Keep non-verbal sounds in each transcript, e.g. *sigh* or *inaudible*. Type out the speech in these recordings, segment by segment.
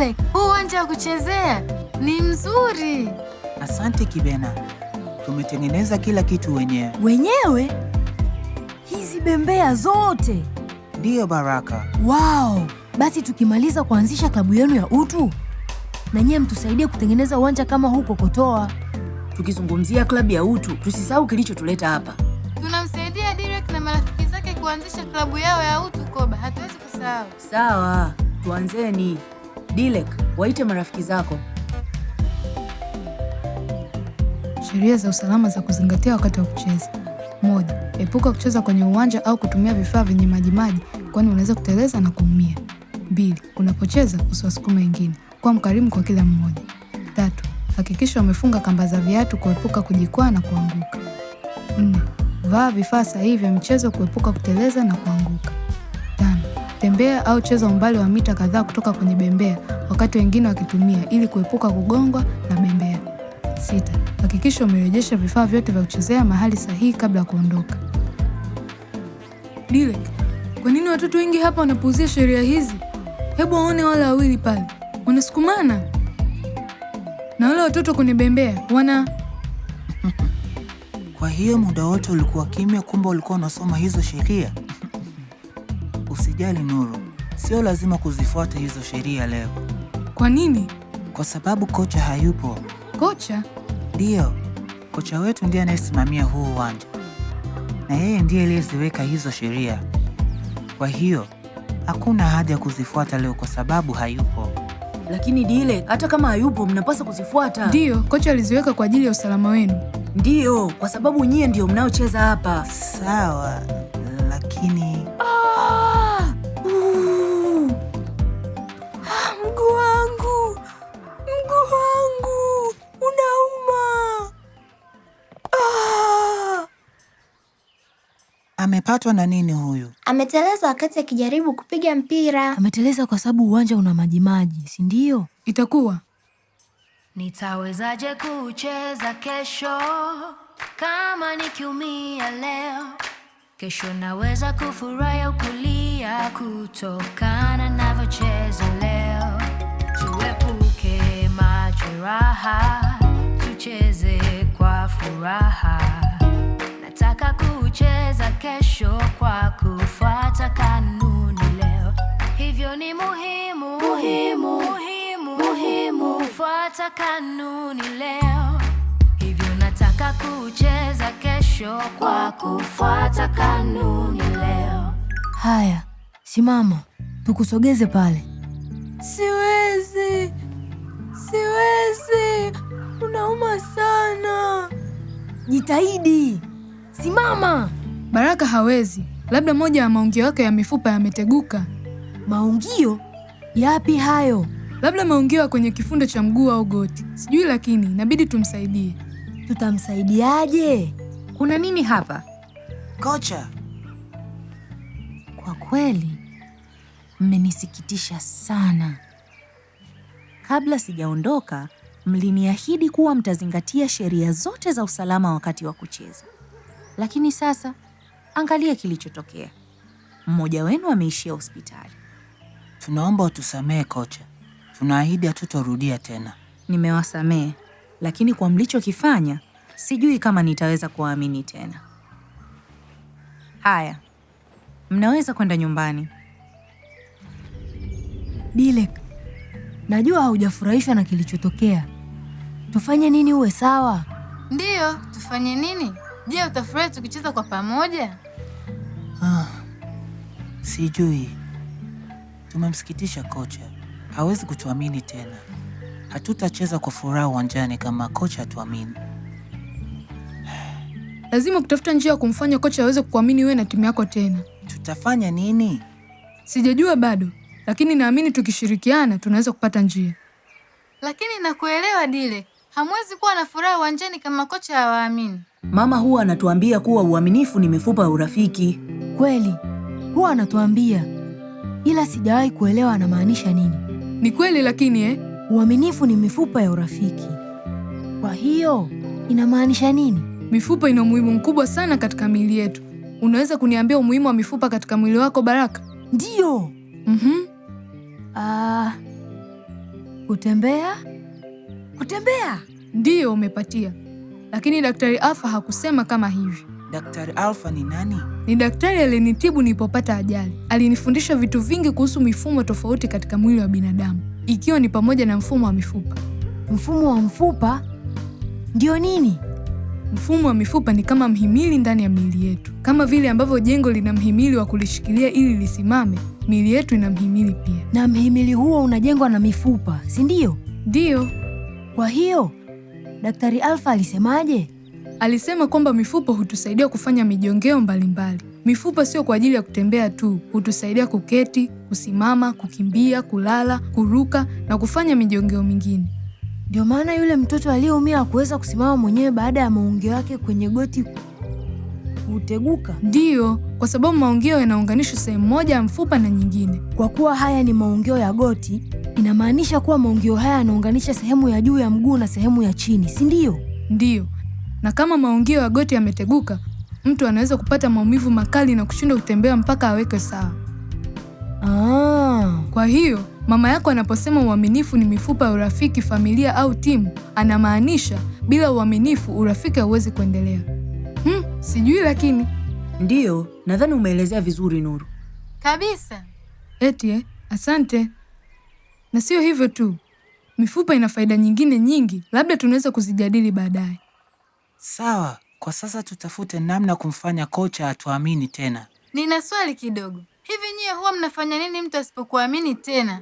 pale, huu uwanja wa kuchezea ni mzuri. Asante Kibena, tumetengeneza kila kitu wenyewe. Wenyewe? hizi bembea zote? Ndiyo Baraka. Wow, basi tukimaliza kuanzisha klabu yenu ya utu na nyiye mtusaidie kutengeneza uwanja kama huko Kotoa. Tukizungumzia klabu ya utu, tusisahau kilichotuleta hapa. Tunamsaidia Direct na marafiki zake kuanzisha klabu yao ya utu Koba, hatuwezi kusahau. Sawa, tuanzeni. Dilek, waite marafiki zako. Sheria za usalama za kuzingatia wakati wa kucheza: moja, epuka kucheza kwenye uwanja au kutumia vifaa vyenye majimaji, kwani unaweza kuteleza na kuumia. Mbili, unapocheza usiwasukume wengine, kuwa mkarimu kwa kila mmoja. Tatu, hakikisha umefunga kamba za viatu kuepuka kujikwaa na kuanguka. Nne, vaa vifaa sahihi vya michezo kuepuka kuteleza na kuanguka. Tembea au cheza umbali wa mita kadhaa kutoka kwenye bembea wakati wengine wakitumia ili kuepuka kugongwa na bembea. Sita, hakikisha umerejesha vifaa vyote vya kuchezea mahali sahihi kabla ya kuondoka. Dilek, kwa nini watoto wengi hapa wanapuuzia sheria hizi? Hebu waone wale wawili pale wanasukumana, na wale watoto kwenye bembea wana *laughs* kwa hiyo muda wote ulikuwa kimya, kumbe ulikuwa unasoma hizo sheria? kujali Nuru, sio lazima kuzifuata hizo sheria leo. Kwa nini? Kwa sababu kocha hayupo. Kocha? Ndiyo, kocha wetu ndiye anayesimamia huu uwanja na yeye ndiye aliyeziweka hizo sheria. Kwa hiyo hakuna haja ya kuzifuata leo kwa sababu hayupo. Lakini Dile, hata kama hayupo, mnapaswa kuzifuata. Ndiyo, kocha aliziweka kwa ajili ya usalama wenu. Ndiyo, kwa sababu nyie ndio mnaocheza hapa. Sawa, lakini Amepatwa na nini huyu? Ameteleza wakati akijaribu kupiga mpira. Ameteleza kwa sababu uwanja una majimaji, si ndio? Itakuwa nitawezaje kucheza kesho kama nikiumia leo? Kesho naweza kufurahi au kulia kutokana navyocheza leo. Tuepuke majeraha, tucheze kwa furaha kucheza kesho kwa kufuata kanuni leo, hivyo ni muhimu muhimu muhimu muhimu kufuata kanuni leo, hivyo nataka kucheza kesho kwa kufuata kanuni leo. Haya, simama tukusogeze pale. Siwezi, siwezi, unauma sana. Jitahidi. Simama! Baraka hawezi, labda moja ya maungio yake ya mifupa yameteguka. Maungio yapi hayo? Labda maungio ya kwenye kifundo cha mguu au goti, sijui, lakini inabidi tumsaidie. Tutamsaidiaje? Kuna nini hapa kocha? Kwa kweli mmenisikitisha sana. Kabla sijaondoka, mliniahidi kuwa mtazingatia sheria zote za usalama wakati wa kucheza. Lakini sasa angalia kilichotokea, mmoja wenu ameishia hospitali. Tunaomba utusamehe kocha, tunaahidi hatutorudia tena. Nimewasamehe, lakini kwa mlichokifanya sijui kama nitaweza kuwaamini tena. Haya, mnaweza kwenda nyumbani. Dilek, najua haujafurahishwa na kilichotokea. Tufanye nini uwe sawa? Ndiyo, tufanye nini? Je, utafurahi tukicheza kwa pamoja? Ah, sijui. Tumemsikitisha kocha, hawezi kutuamini tena. Hatutacheza kwa furaha uwanjani kama kocha hatuamini. Lazima kutafuta njia ya kumfanya kocha aweze kukuamini wewe na timu yako tena. Tutafanya nini? Sijajua bado, lakini naamini tukishirikiana tunaweza kupata njia. Lakini nakuelewa Dile, hamwezi kuwa na furaha uwanjani kama kocha hawaamini. Mama huwa anatuambia kuwa uaminifu ni mifupa ya urafiki. Kweli huwa anatuambia, ila sijawahi kuelewa anamaanisha nini. Ni kweli lakini eh? Uaminifu ni mifupa ya urafiki, kwa hiyo inamaanisha nini? Mifupa ina umuhimu mkubwa sana katika miili yetu. Unaweza kuniambia umuhimu wa mifupa katika mwili wako Baraka? Ndiyo. mm-hmm. Ah, kutembea kutembea, ndiyo umepatia lakini Daktari Alfa hakusema kama hivi. Daktari Alfa ni nani? Ni daktari alinitibu nilipopata ajali. Alinifundisha vitu vingi kuhusu mifumo tofauti katika mwili wa binadamu, ikiwa ni pamoja na mfumo wa mifupa. Mfumo wa mfupa ndio nini? Mfumo wa mifupa ni kama mhimili ndani ya miili yetu. Kama vile ambavyo jengo lina mhimili wa kulishikilia ili lisimame, miili yetu ina mhimili pia, na mhimili huo unajengwa na mifupa, si ndio? Ndiyo. Kwa hiyo Daktari Alfa alisemaje? Alisema kwamba mifupa hutusaidia kufanya mijongeo mbalimbali. Mifupa sio kwa ajili ya kutembea tu, hutusaidia kuketi, kusimama, kukimbia, kulala, kuruka na kufanya mijongeo mingine. Ndio maana yule mtoto aliyeumia hakuweza kusimama mwenyewe baada ya maungio yake kwenye goti kuteguka. Ndiyo, kwa sababu maungio yanaunganishwa sehemu moja ya mfupa na nyingine. Kwa kuwa haya ni maungio ya goti, Inamaanisha kuwa maungio haya yanaunganisha sehemu ya juu ya mguu na sehemu ya chini, si ndio Ndiyo. Na kama maungio ya goti yameteguka, mtu anaweza kupata maumivu makali na kushindwa kutembea mpaka aweke sawa. Ah. Kwa hiyo mama yako anaposema uaminifu ni mifupa ya urafiki, familia au timu, anamaanisha bila uaminifu urafiki hauwezi kuendelea. Hmm, sijui lakini. Ndiyo, nadhani umeelezea vizuri Nuru. Kabisa. Eti, eh, asante. Na sio hivyo tu, mifupa ina faida nyingine nyingi, labda tunaweza kuzijadili baadaye. Sawa, kwa sasa tutafute namna kumfanya kocha atuamini tena. Nina swali kidogo, hivi nyie huwa mnafanya nini mtu asipokuamini tena?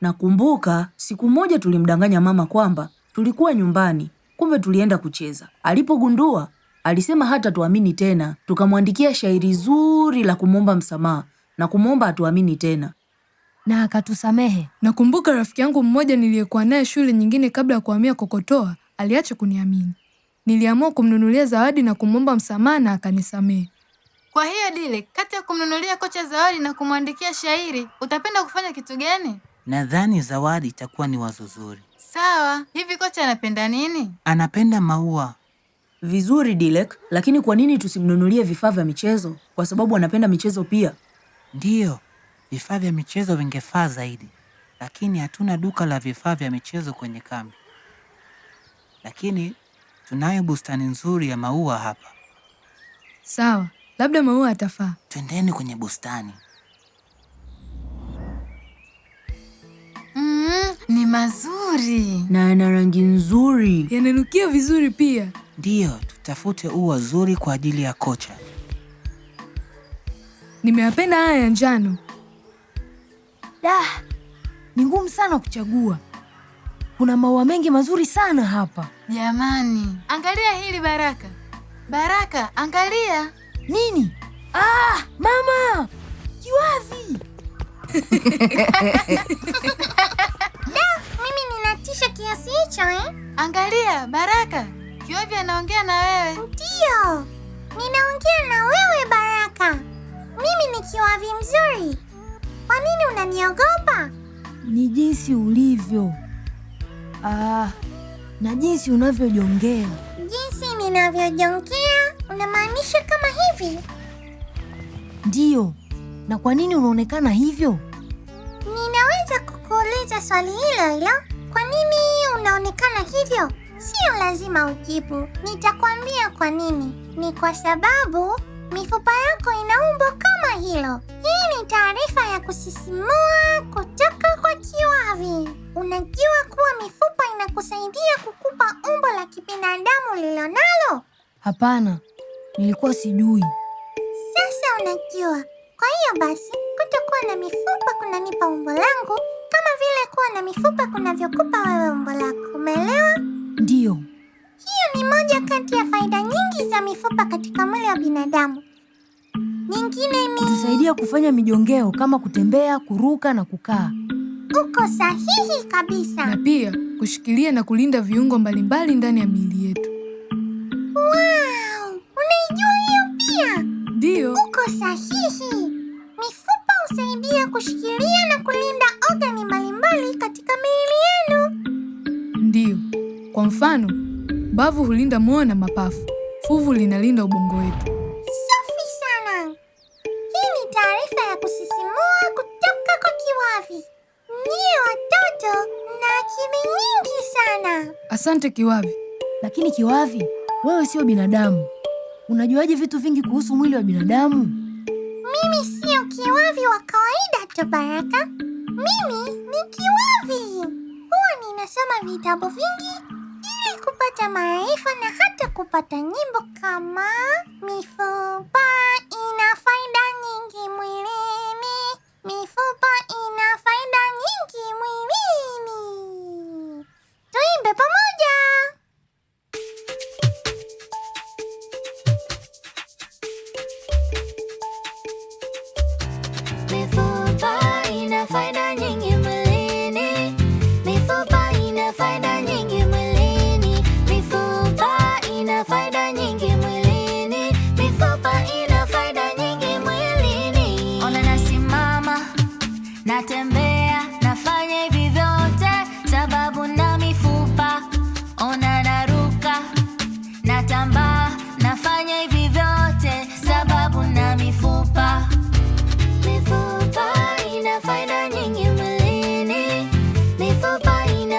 Nakumbuka siku moja tulimdanganya mama kwamba tulikuwa nyumbani, kumbe tulienda kucheza. Alipogundua alisema hata tuamini tena. Tukamwandikia shairi zuri la kumwomba msamaha na kumwomba atuamini tena na akatusamehe. Nakumbuka rafiki yangu mmoja niliyekuwa naye shule nyingine kabla ya kuhamia Kokotoa aliacha kuniamini. Niliamua kumnunulia zawadi na kumwomba msamaha na akanisamehe. Kwa hiyo Dile, kati ya kumnunulia kocha zawadi na kumwandikia shairi, utapenda kufanya kitu gani? Nadhani zawadi itakuwa ni wazo zuri. Sawa, hivi kocha anapenda nini? Anapenda maua. Vizuri Dilek, lakini kwa nini tusimnunulie vifaa vya michezo? Kwa sababu anapenda michezo pia. Ndiyo, Vifaa vya michezo vingefaa zaidi, lakini hatuna duka la vifaa vya michezo kwenye kambi. Lakini tunayo bustani nzuri ya maua hapa. Sawa, labda maua yatafaa. Twendeni kwenye bustani. Mm, ni mazuri na yana rangi nzuri, yananukia vizuri pia. Ndiyo, tutafute ua zuri kwa ajili ya kocha. Nimeyapenda haya ya njano. Da, ni ngumu sana kuchagua. Kuna maua mengi mazuri sana hapa. Jamani, angalia hili Baraka. Baraka, angalia. Nini? Ah, mama! Kiwavi. *laughs* Da, mimi ninatisha kiasi hicho eh? Angalia Baraka, kiwavi anaongea na wewe. Ndio. Ninaongea na wewe Baraka. Mimi ni kiwavi mzuri. Kwa nini unaniogopa? Ni jinsi ulivyo. Ah, na jinsi unavyojongea. Jinsi ninavyojongea? Unamaanisha kama hivi? Ndiyo. Na kwa nini unaonekana hivyo? Ninaweza kukuuliza swali hilo hilo. Kwa nini unaonekana hivyo? Sio lazima ujibu. Nitakwambia kwa nini. Ni kwa sababu mifupa yako inaumbwa kama hilo taarifa ya kusisimua kutoka kwa Kiwavi. Unajua kuwa mifupa inakusaidia kukupa umbo la kibinadamu lilonalo? Hapana, nilikuwa sijui. Sasa unajua. Kwa hiyo basi, kutokuwa na mifupa kunanipa umbo langu kama vile kuwa na mifupa kunavyokupa wewe umbo lako. Umeelewa? Ndiyo. Hiyo ni moja kati ya faida nyingi za mifupa katika mwili wa binadamu nyingine ni kutusaidia kufanya mijongeo kama kutembea, kuruka na kukaa. Uko sahihi kabisa, na pia kushikilia na kulinda viungo mbalimbali ndani ya miili yetu. Wow, unaijua hiyo pia? Ndiyo, uko sahihi. Mifupa husaidia kushikilia na kulinda ogani mbalimbali katika miili yenu. Ndiyo, kwa mfano bavu hulinda moyo na mapafu, fuvu linalinda ubongo wetu. Asante kiwavi. Lakini kiwavi, wewe sio binadamu. Unajuaje vitu vingi kuhusu mwili wa binadamu? Mimi sio kiwavi wa kawaida tu Baraka. Mimi ni kiwavi. Huwa ninasoma vitabu vingi ili kupata maarifa na hata kupata nyimbo kama mifupa ina faida nyingi mwili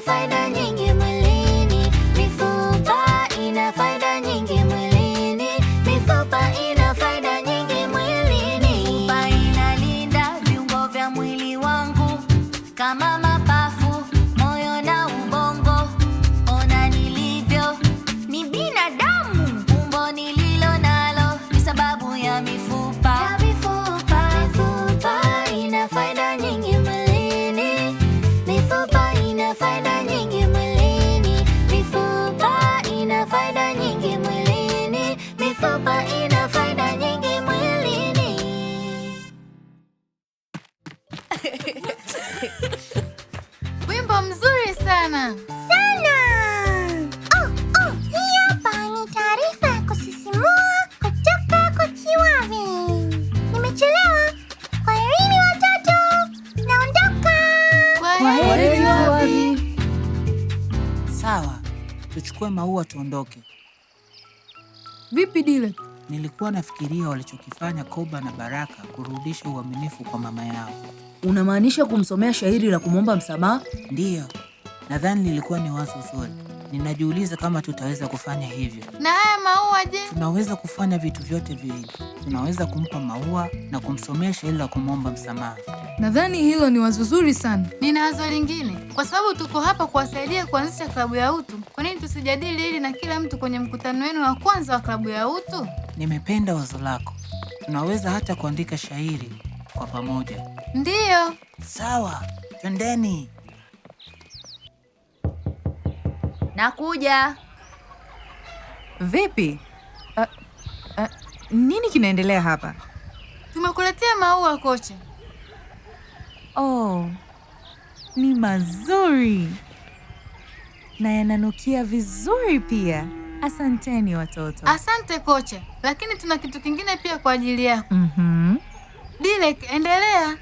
find tuchukue maua tuondoke. Vipi Dile? Nilikuwa nafikiria walichokifanya Koba na Baraka kurudisha uaminifu kwa mama yao. Unamaanisha kumsomea shairi la kumwomba msamaha? Ndiyo, nadhani lilikuwa ni wazo zuri. Ninajiuliza kama tutaweza kufanya hivyo. Na haya maua je? Tunaweza kufanya vitu vyote viwili. Tunaweza kumpa maua na kumsomesha ili la kumwomba msamaha. Nadhani hilo ni wazo zuri sana. Nina wazo lingine. Kwa sababu tuko hapa kuwasaidia kuanzisha klabu ya utu, kwa nini tusijadili hili na kila mtu kwenye mkutano wenu wa kwanza wa klabu ya utu? Nimependa wazo lako. Tunaweza hata kuandika shairi kwa pamoja. Ndiyo. Sawa, twendeni. Nakuja. Vipi? Uh, uh, nini kinaendelea hapa? Tumekuletea maua kocha. Oh, ni mazuri na yananukia vizuri pia. Asanteni watoto. Asante kocha, lakini tuna kitu kingine pia kwa ajili yako. mm -hmm. Dilek, endelea.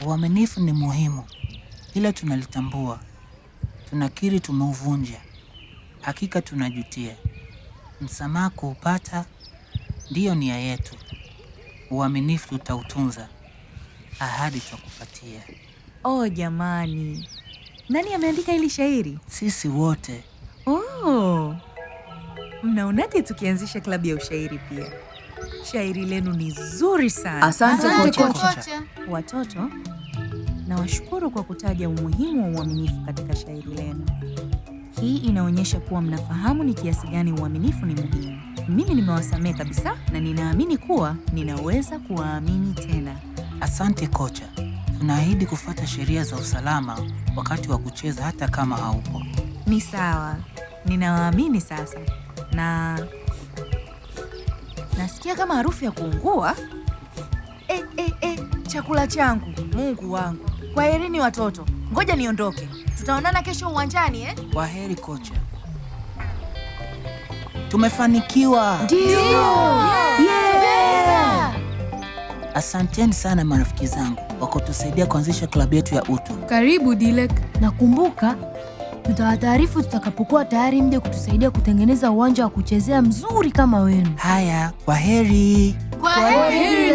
Uaminifu ni muhimu ila tunalitambua, tunakiri tumeuvunja. Hakika tunajutia. Msamaha kuupata ndiyo nia yetu, uaminifu tutautunza, ahadi twakupatia. Oh jamani, nani ameandika hili shairi? Sisi wote. Oh, mnaonaje tukianzisha klabu ya ushairi pia? Shairi lenu ni zuri sana. Asante kocha. Watoto Nawashukuru kwa kutaja umuhimu wa uaminifu katika shairi lenu. Hii inaonyesha kuwa mnafahamu ni kiasi gani uaminifu ni muhimu. Mimi nimewasamehe kabisa na ninaamini kuwa ninaweza kuwaamini tena. Asante kocha, tunaahidi kufuata sheria za usalama wakati wa kucheza hata kama haupo. Ni sawa, ninawaamini sasa. Na nasikia kama harufu ya kuungua. E, e, e, chakula changu! Mungu wangu! Kwaherini watoto, ngoja niondoke, tutaonana kesho uwanjani eh? Kwaheri kocha. Tumefanikiwa, ndio. Asanteni sana marafiki zangu kwa kutusaidia kuanzisha klabu yetu ya utu. Karibu Dilek, nakumbuka tutawataarifu tutakapokuwa tayari mje kutusaidia kutengeneza uwanja wa kuchezea mzuri kama wenu. Haya, kwaheri. Kwaheri.